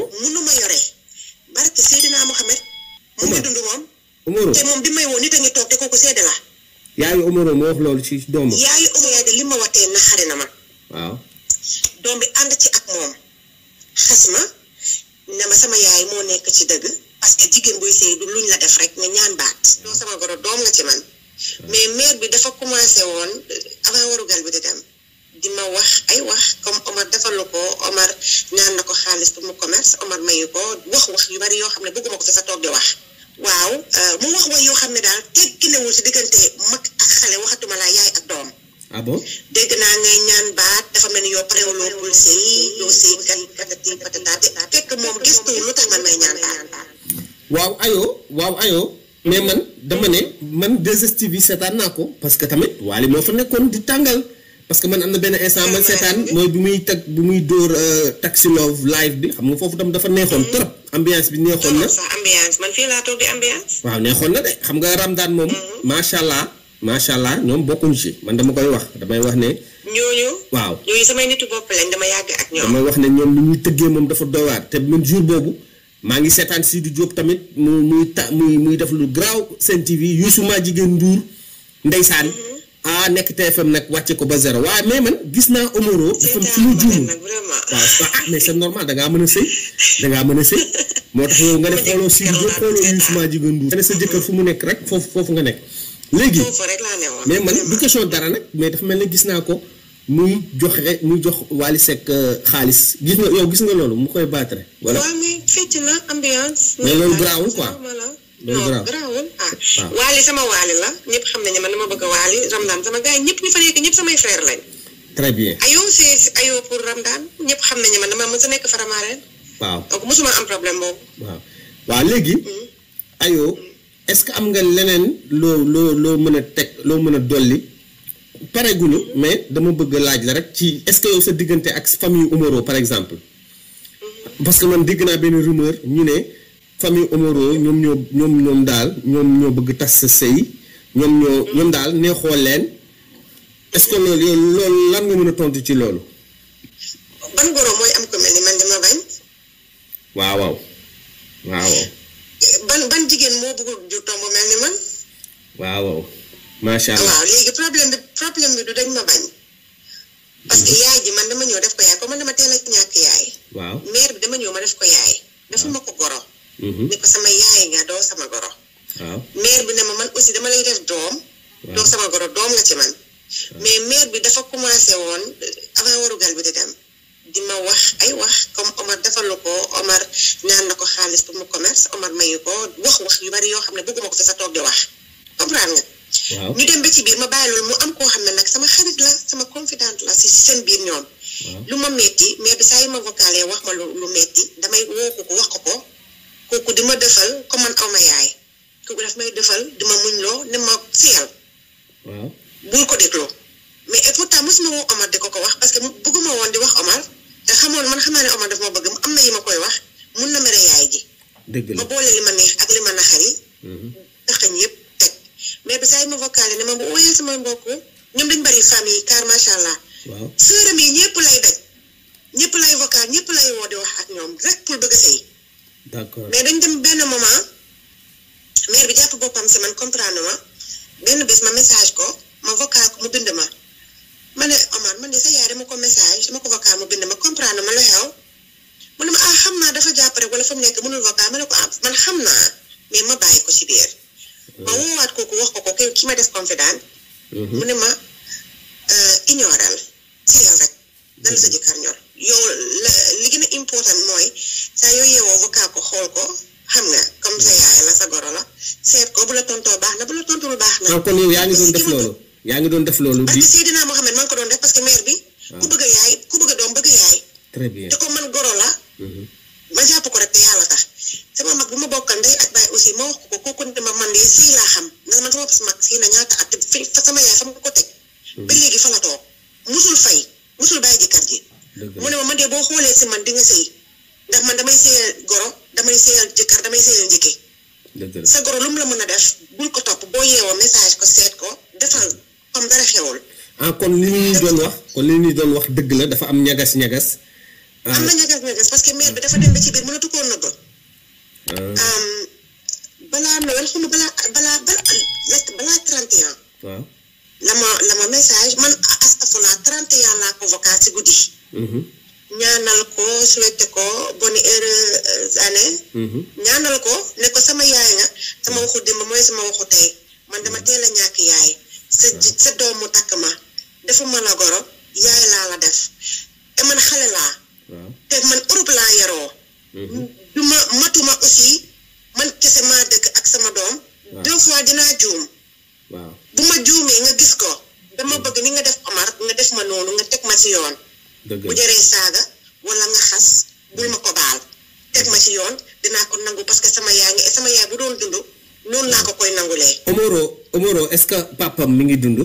munu ma yore barke Seydina Mohamed. mu ngi dund moom. Umaro te moom bi may woo nit a ngi toog te kooku seede la. yaayu Umaro moo wax loolu ci doomam. yaayu Umaro de li ma watee naxari na ma. waaw. doom bi ànd ci ak moom xas ma ne ma sama yaay moo nekk ci dëgg parce que jigéen buy sëy du luñ la def rek nga ñaan baat. doo sama goro doom la ci man. mais mère bi dafa commencé woon euh, avant warugal bi di dem. di ma wax ay wax comme Omar defal la ko Omar ñaan na ko xaalis pour mu commerce Omar mayu ko wax wax yu bari yoo xam ne bëgguma ko fi sa toog di wax. waaw euh, mu wax way yoo xam ne daal tegginewul si diggante mag ak xale waxatuma laa yaay ak doom. ah bon dégg naa ngay ñaan baat dafa mel ni yow parewuloo bul sëy yow sëy kat patati patata te fekk moom gëstu lu tax man may ñaan baat. waaw ayo waaw ayo mais man dama ne man 2STV yi seetaan naa ko parce que tamit waali moo fa nekkoon di tàngal. parce que man am na benn instant man seetaan mooy bi muy tag bi muy dóor si euh, love live bi xam nga foofu tam dafa neexoon mm. trop ambiance bi neexoon na ambiance neexoon na de xam nga Ramadane moom mm. macha allah macha allah ñoom bokkuñ si man dama koy wax damay wax ne ñooñu waaw ñoom damay wax ne ñoom li ñuy tëggee moom dafa doy waar te même jour boobu maa ngi seetaan si du Diop tamit mu muy ta muy def lu garaaw seen TV Youssou maa jigéen Ndour ndeysaan mm-hmm. ah nekk TFM nag wàcce ko ba zéro waaye mais man gis naa Omoro. dafa suñu juumu waaw ah mais sa normal da ngaa mën a sëy da ngaa mën a sëy moo tax yow nga ne xooloo si yow xooloo Youssouma Jigéen Ndour. nga ne sa jëkkër fu mu nekk rek foofu foofu nga nekk. léegi mais man du question dara nag mais dafa mel ne gis naa ko muy joxe mu jox Wally Seck euh, xaalis gis yow gis nga loolu mu koy battre. voilà waaw mais fecc na ambiance. mais non garaawul ah waali sama waali la ñëpp xam nañu man dama bëgg a waali Ramdan sama gars yi ñëpp ñu fa nekk ñëpp samay frère lañ. très bien ayo c'est ayo xam nañu man dama mës a nekk faramaareen. waaw donc mosuma am problème boobu. waaw waaw léegi. Hmm. ayo est-ce que am nga leneen loo loo loo mën a teg loo mën a dolli. pareguñu mais dama bëgg laaj la rek ci est-ce que sa diggante ak famille Umaro par exemple. Hmm. parce que man dégg naa benn rumeur ñu ne. famille Omoro ñoom ñoo ñoom ñoom daal ñoom ñoo bëgg tas sa sëy ñoom ñoo ñoom daal neexoo leen est-ce que loolu yow loolu lan nga mën a tontu ci loolu. ban goro mooy am ko mel ni man dama bañ. waaw waaw. waaw. ban ban jigéen moo bëggul ju tomb mel ni man. waaw. macha allah waaw léegi problème bi problème bi du dañ ma bañ. parce que mhm. yaay ji man dama ñëw def ko yaay comme man dama teel a ñàkk yaay. waaw mère bi dama ñëw ma def ko yaay. defuma ko goro. Mm-hmm. ne ko sama yaay nga doo sama goro. waaw bi ne ma man aussi dama lay def doom. doo sama goro doom la ci man. mais mair bi dafa commencé woon avant warugal bi di dem. di ma wax ay wax comme Omar defalu ko Omar ñaan na ko xaalis pour mu commerce Omar mayu ko wax wax yu bari yoo xam ne bëgguma ko sa toog di wax comprendre nga. ñu dem ba ci biir ma bàyyi loolu mu am koo xam ne nag sama xarit la sama confidente la si seen biir ñoom. lu ma metti mais bi saa ma vocalé wax ma lu lu metti damay woo ko wax ko ko. kooku di ma defal comme man aw ma yaay kooku daf may defal di ma muñ loo ne ma siyal. waaw bul ko dégloo. mais et pourtant mosuma woo Omar di ko ko wax parce que bëgguma woon di wax Omar te xamoon man xam naa ne Omar daf ma bëgg am na yi ma koy wax mun na mere yaay ji. ma boole li ma neex ak li ma naxari. Mhm. taxañ yëpp teg mais ba saa yi ma vocalé ne ma bu ooyee sama mbokk ñoom dañ bari famille car macha allah. waaw yi ñëpp lay daj ñëpp lay vocal ñëpp lay woo di wax ak ñoom rek pour bëgg sa sëy d'accord mais dañ dem benn moment maire bi jàpp boppam si man comprendre ma benn bis ma message ko ma vocal ko mu bind ma ma ne Omar man de sa yaay dama ko message ma ko vocal mu bind ma comprendre ma lu xew mu ne ma ah xam naa dafa jàpp rek wala fa mu nekk mënul vocal ma ko ah man xam naa mais ma bàyyi ko si biir. ma wax ko ko ki ma def confident. Mhm. mu ne ma euh, ignoral si yow rek. dana sa mhm. jëkkër ñor li gën a important mooy. saa yoo yeewoo vocal ko xool ko xam nga comme sa yaay la sa goro la seet ko bu la tontoo baax na bu la tontul baax na. kon ngi doon def loolu. yaa ngi doon def loolu. ko doon def parce que mère bi. Ah. ku bëgg a yaay ku bëgg mhm. jàpp ko rek te tax sama mag bu ma bokkal ak baay aussi ma wax ko ko kooku ma man de sii laa xam ndax man sama mag sii na ñaata at nga ko teg. Mhm. ba léegi fa la toog musul fay musul bàyyi jëkkër ji. mu ne ma man de boo xoolee si man di nga sëy ndax man damay seeyal goro damay seeyal jëkkër damay seeyal njëkke sa goro lu mu la mën a def bul ko topp boo yeewoo message ko seet ko defal comme dara xewul ah, kon li ñuy doon wax kon li ñuy doon wax dëgg la dafa am ñagas ñagas am na ah. ñagas ñagas parce que maire bi dafa dem ba ci biir mënatu koo nëbb ah. balaa Noël xuma balaa balaa balaa trente et la ma la message man astafurlah trente et un laa ko vocal si guddi mhm. ñaanal ko souhaité ko bonne heureuse année. Mhm. ñaanal ko ne ko sama yaay nga sama waxu démb mooy sama waxu tey man dama mhm. teel ñàkk yaay sa sa mu takk ma dafa ma la goro yaay laa la def te man xale laa. te man Europe laa yaroo. Mhm. du matuma aussi man kese maa dëkk ak sama doom. deux fois dinaa juum. bu ma juumee nga gis ko dama bëgg ni nga def Omar nga def ma noonu nga teg ma ci yoon. bu jëree saaga wala nga xas bul ma ko baal teg ma ci yoon dinaa ko nangu parce que sama yaa sama yaay bu doon dund noonu laa ko koy nangulee. Omoro Omoro est-ce que papam mi ngi dund.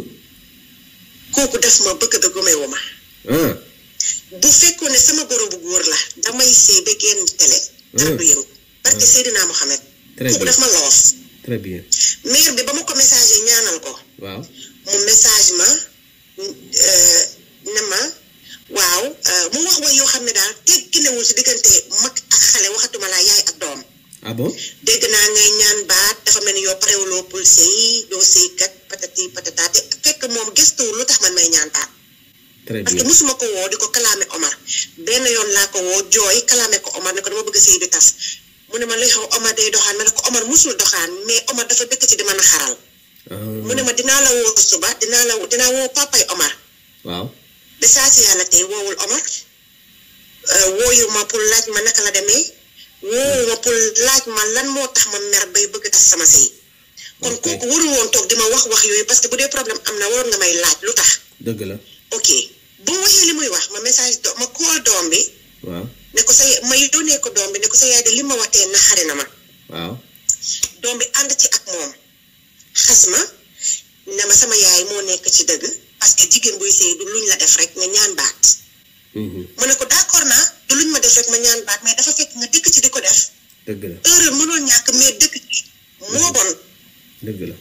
kooku def ma bëgg ba gomewu ma. Ah. bu fekkoon ne sama goro bu góor la damay sëy ba génn télé. Ah. dara du yëngu barke ah. Seydina kooku daf ma loof. maire bi ba ma ko message ñaanal ko. waaw mu message ma euh, ne ma. Euh, mu wax way yoo xam ne daal tegginewul si diggante mag ak xale waxatuma laa yaay ak doom. Ah dégg naa ngay ñaan baat dafa mel ni yow parewuloo pour sëy doo sëy kat patati patata te fekk moom gëstuwul lu tax man may ñaan baat. ko woo di ko kalaame Omar benn yoon laa ko woo jooy kalaame ko Omar ne ko dama bëgg mu ne ma lay xaw Omar day doxaan ma ne ko Omar musul doxaan mais Omar dafa bëgg ci dama na xaral. Ah. mu ne ma dinaa la woo suba dinaa la dinaa woo papay Omar. waaw. ba saa si yàlla tey woowul Omar euh, ma pour laaj ma naka la demee woowu ma pour laaj ma lan moo tax ma mer bay bëgg tas sama sëy kon kooku waru woon toog di ma wax wax yooyu parce que bu dee problème am na waroon nga may laaj lu tax. dëgg la ok bu ma waxee li muy wax ma message do ma call doom bi. waaw sa ma yónnee ko doom bi ne ko sa yaay de li ma waxtee naxari na ma. waaw doom bi ànd ci ak moom xas ma ne ma sama yaay moo nekk ci dëgg. parce jigéen buy sëy du luñ la def rek nga ñaan baat. ma mhm. ne ko d'accord naa du luñ ma def rek ma ñaan baat mais dafa fekk nga dëkk ci di ko def. dëgg la heure ñàkk mais dëkk ci moo bon. dëgg la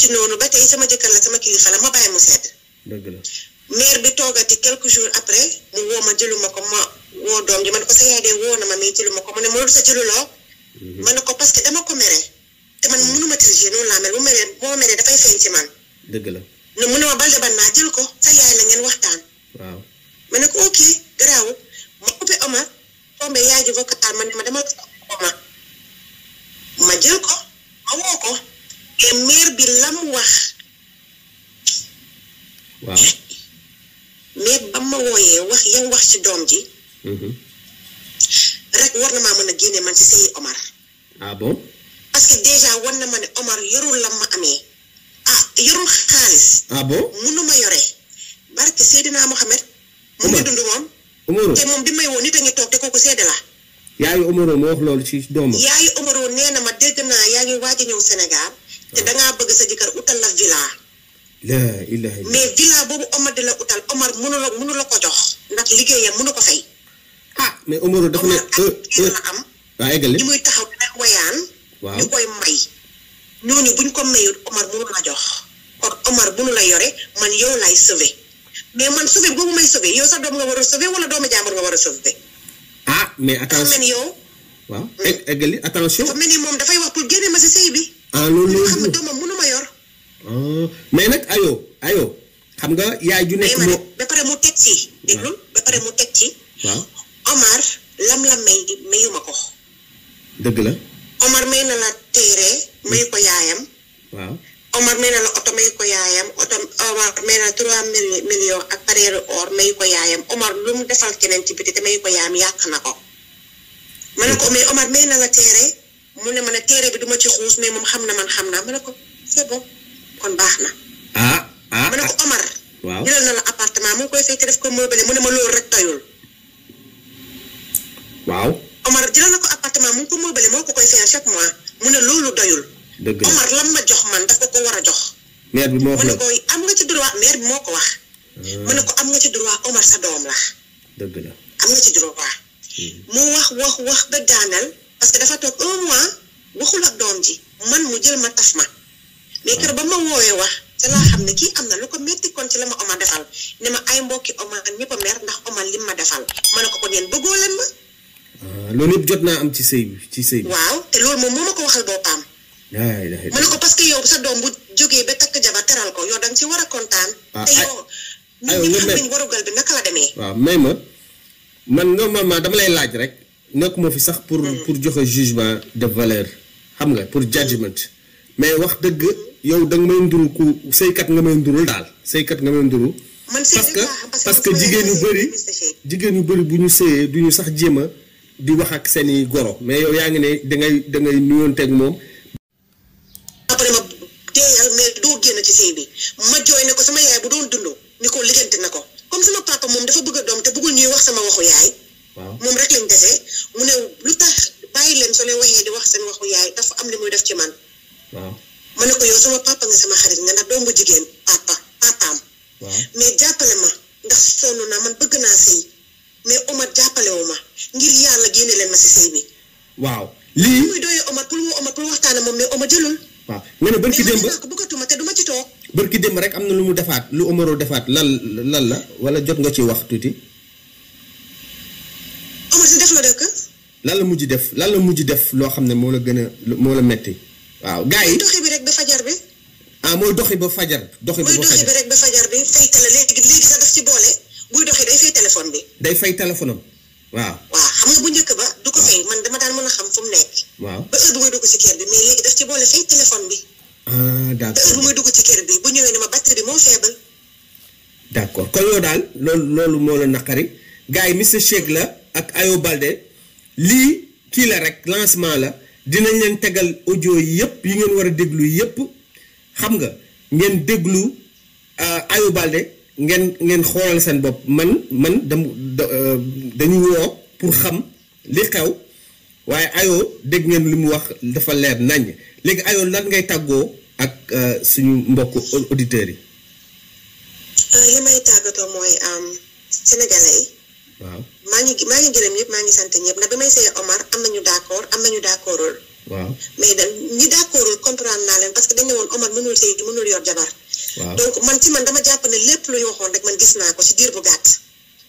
ci noonu ba tey sama jëkkër la sama kilifa la ma bàyyi mu sedd. dëgg la maire bi toogati quelques jours après mu woo ma ko ma woo doom ji ma ne ko sa na ma mais jëluma ko ma ne ma loolu sa jëluloo. Mhm. ma ne ko parce que dama ko mere te man mhm. mënuma tricher noonu laa mel bu meree boo meree dafay feeñ ci man. dëgg la. ne mu ne ma balde ban naa jël ko sa yaay la ngeen waxtaan. waaw ma ne ko ok garaaw ma coupé Omar tombé yaay ji vocal ma ne dama Omar ma jël ko ma woo ko et maire bi la mu wax. waaw mais ba ma wooyee wax yow wax ci doom ji. Mm-hmm. rek war na ma mën a génne man ci sëyi Omar. ah déjà war na ma ne Omar yorul la ma amee. ah yorul xaalis. ah bon munu ma yore. barke Seydina naa mu ngi dund moom. Omaro te moom bi may woo nit a ngi toog te kooku seede la. yaayu Omaro moo wax loolu ci doomam. yaayu Omaro nee ma dégg naa yaa ngi waaj a ñëw Sénégal. te ah. da ngaa bëgg sa jëkkër utal la villa. mais villa boobu Omar di la utal Omar mënu la mënu la ko jox. ndax liggéeyam mënu ko fay. ah mais Omaro dafa ne. Omar ak kii euh, euh, am. waa eggale li muy taxaw wayaan. waaw koy may. ñooñu buñ ko mayul ko mënu ma jox kon Omar bu nu la yore man yow laay sauver mais man sauver boobu may sauver yow sa doom nga a sauver wala doomu jàmbur nga a sauver. ah mais attention mel moom dafay wax pour génne ma bi. ah loolu loolu ma yor. Ah, mais nag ayo ayo nga yaay ju mu teg ci. déglul ba pare teg ci. waaw Omar lam la may mayu ma ko. dëgg la. Omar may na la téere mayu ko yaayam. waaw Omar may na la oto mayu ko yaayam oto Omar may na trois mille millions ak mayu ko yaayam Omar lu defal keneen ci biti te mayu ko yaayam yàq na ko. man ne ko hmm. mais Omar may na la téere mu ne ma ne téere bi duma ci xuus mais moom xam na man xam naa man ne ko c'est kon baax na. Ah, ah, ma ne ko ah. Omar. waaw na la appartement mu koy fay def ko ne ma loolu rek tayul. waaw chaque mois. mu ne loolu doyul. dëgg la Omar lan ma jox man dafa ko war a jox. maire bi moo ko mu ne ko ci droit maire bi moo ko wax. Ah. mu ne ko am nga ci droit Omar sa doom la. dëgg la am nga ci droit. Hmm. mu wax wax wax ba daanal parce que dafa toog un mois waxul ak doom ji man mu jël ma taf ma. mais kër ba ma woowee wax ca laa xam ne kii am na lu ko métti kon ci la ma Omar defal ne ma ay mbokki Omar ñëpp a mer ndax Omar lim ma defal ma ne ko ko yéen bëggoo leen Euh, loolu yëpp jot naa am ci sëy bi ci sëy bi. waaw te loolu moom moo ma ko waxal boppam. yaa ngi ma ko parce que yow sa doom bu jógee ba takk jabar teral ko yow da nga ci war a kontaan. Ah, te ah, yow. Ah, nga mel may ma dama lay laaj rek nekkuma fi sax pour hmm. pour joxe jugement de valeur xam nga pour judgement mais wax dëgg yow da nga may nduru ku sëykat nga may ndurul daal sëykat nga may nduru. man parce que parce que jigéen yu bëri jigéen yu bari bu ñu sëyee du ñu sax jéem a di wax ak seen i goro mais yow yaa ngi ne dangay dangay nuyoonteeg moom. après ma teeyal mais doo génn ci sëy bi ma jooy ne ko sama yaay bu doon dund ni ko liggante na ko comme sama papa moom dafa bëgg a doom ñuy wax sama waxu yaay. waaw moom rek lañ dese mu ne lu tax bàyyi leen soo leen waxee wax seen waxu yaay dafa am li muy def ci man. waaw ma ne ko yow sama papa nga sama xarit nga ndax doom bu jigéen papa papaam. waaw mais jàppale ma ndax sonn naa man bëgg naa sëy mais Omar jàppale wu ma. ngir yàlla génne leen ma si sëy bi. waaw lii muy doyee Omar pour mu Omar pour waxtaan moom mais Omar jëlul. waaw nga ne barki démb mais bëggatuma te duma ci toog. barki démb rek am na lu mu defaat lu Omaro defaat lan lan la wala jot nga ci wax tuuti. Omar si def la dëkk. lan la mujj def lan la mujj def loo xam ne moo la gën a moo la metti waaw gars yi doxi bi rek ba fajar bi. Ah, mooy doxi ba fajar. doxi ba fajar mooy doxi bi rek fajar bi fay télé ci boole buy doxi day bi. day fay téléphone waaw waaw xam nga bu njëkk ba du ko fay man dama daan mën a xam fu mu nekk waaw ba heure bu may dugg ci kër bi mais léegi daf ci boole fay téléphone bi ah, ba heure bu may dugg ci kër bi bu ñëwee ne ma batterie bi moo faible d'accord kon yow daal loolu loolu moo la naqari gars yi Mister Shake la ak Ayo Balde lii kii la rek lancement la dinañ leen tegal audio yi yëpp yi ngeen war a déglu yëpp xam nga ngeen déglu euh, Ayo Balde ngeen ngeen xoolal seen bopp man man dam euh, dañu woo pour xam li xew waaye ayoo dégg ngeen li mu wax dafa leer nañ léegi ayoo lan ngay tàggoo ak euh, suñu mbokk auditeurs yi. Euh, li may yi. waaw maa ngi maa ngi gërëm ñëpp maa ngi sant ñëpp ndax bi may seeyee Omar am nañu d'accord am nañu d'accordul. waaw mais dañ ñi d'accordul comprendre naa leen parce dañ ne woon Omar mënul sëy mënul yor jabar. donc man ci man dama jàpp ne lépp lu waxoon rek man gis naa ko ci diir bu gàtt.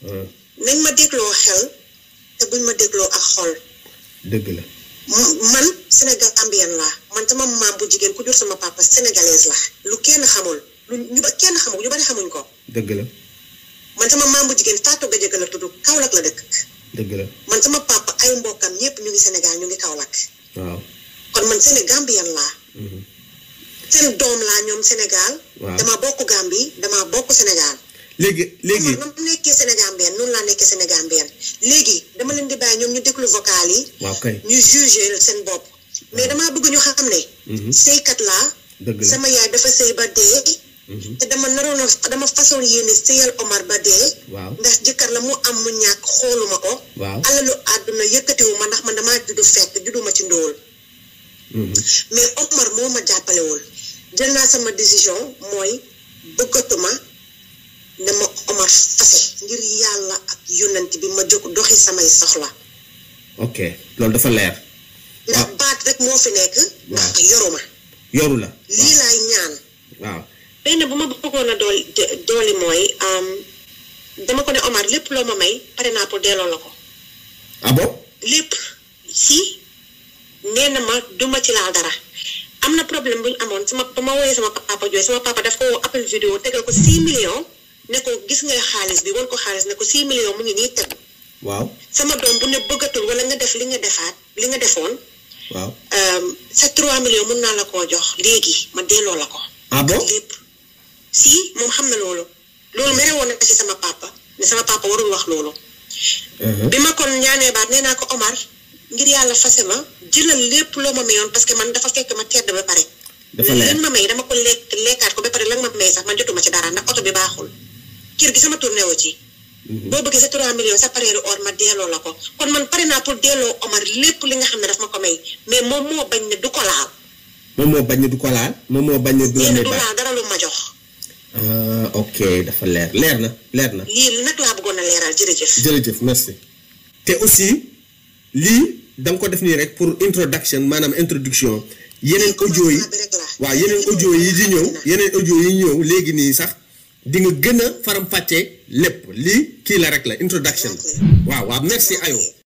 Hmm. nañ ma dégloo xel te buñ ma dégloo ak xol. dëgg la. man Sénégal gambien laa man sama maam bu jigéen ku jur sama papa sénégalaise la lu kenn xamul lu ñu ba kenn xamul ñu bari xamuñ ko. dëgg la. man sama bu jigéen Fatou Gadiaga la tudd Kaolack la dëkk. dëgg la man sama pàpp ay mbokkam ñëpp ñu ngi Sénégal ñu ngi Kaolack. waaw kon man Sénégal gambien laa. Hmm. seen doom laa ñoom Sénégal. waaw dama bokk Gambie dama bokk Sénégal. léegi léegi man ma nekkee Sénégambien noonu laa nekkee Sénégambien léegi dama leen di bàyyi ñoom ñu déglu vocal yi. waaw kay ñu jugé seen bopp. mais damaa bëgg ñu xam ne. Mhm. sëykat laa. sama yaay dafa sëy ba dee. Mhm. te dama naroon a dama façon yéene sëyal Omar ba dee. waaw ndax jëkkër la mu am mu ñàkk xooluma ko. waaw alalu àdduna yëkkatiwu ma ndax man dama juddu fekk judduma ci ndóol. Mhm. mais Omar moo ma jàppalewul jël naa sama décision mooy bëggatuma ne ma Omar fase ngir yàlla ak yonent bi ma jóg doxi samay soxla. ok loolu dafa leer. ndax baat rek moo fi nekk. ndax yoruma. yoru la lii laay ñaan. waaw benn bu ma bëggoon a dool dooli mooy dama ko ne Omar lépp loo ma may pare naa pour delloo la ko. ah bon. lépp si nee ma duma ci laal dara. am na problème bu ñu amoon sama ba ma sama papa jooy sama papa daf ko woo appel vidéo tegal ko 6 millions ne ko gis ngay xaalis bi wan ko xaalis ne ko 6 millions mu ngi nii teg. waaw sama doom bu ne bëggatul nga def li nga defaat li nga defoon. waaw euh, sa 3 millions mun naa la ko jox léegi ma delloo la ko. ah bon lépp si moom xam na loolu. loolu mere woon na ci sama papa ne sama papa warul wax loolu. Uh-huh. bi ma kon ñaanee baat nee naa ko Omar. ngir yàlla fase ma jëlal lépp loo ma mayoon parce que man dafa fekk ma tedd ba pare. dafa leer ma may dama ko lekkaat ko ba pare lan ma may sax man jotuma ci dara ndax oto bi baaxul kër gi sama tourné ci. Mhm. boo bëggee sa 3 millions sa pareeru or ma delloo la ko kon man pare naa pour delloo Omar lépp li nga xam ne daf ma ko may mais moom moo bañ ne du ko laal. moom moo bañ ne du ko laal. moom moo bañ ne du la may baax dara lu ma jox. Ah, ok dafa leer na leer na. lii nag laa bëggoon a leeral jërëjëf. jërëjëf merci. te da ko def nii rek pour introduction maanaam introduction yeneen audio yi waaw yeneen audio yi di ñëw yeneen audio yi ñëw léegi nii sax di nga gën a faram lépp li kii la rek la introduction waaw waaw merci ayo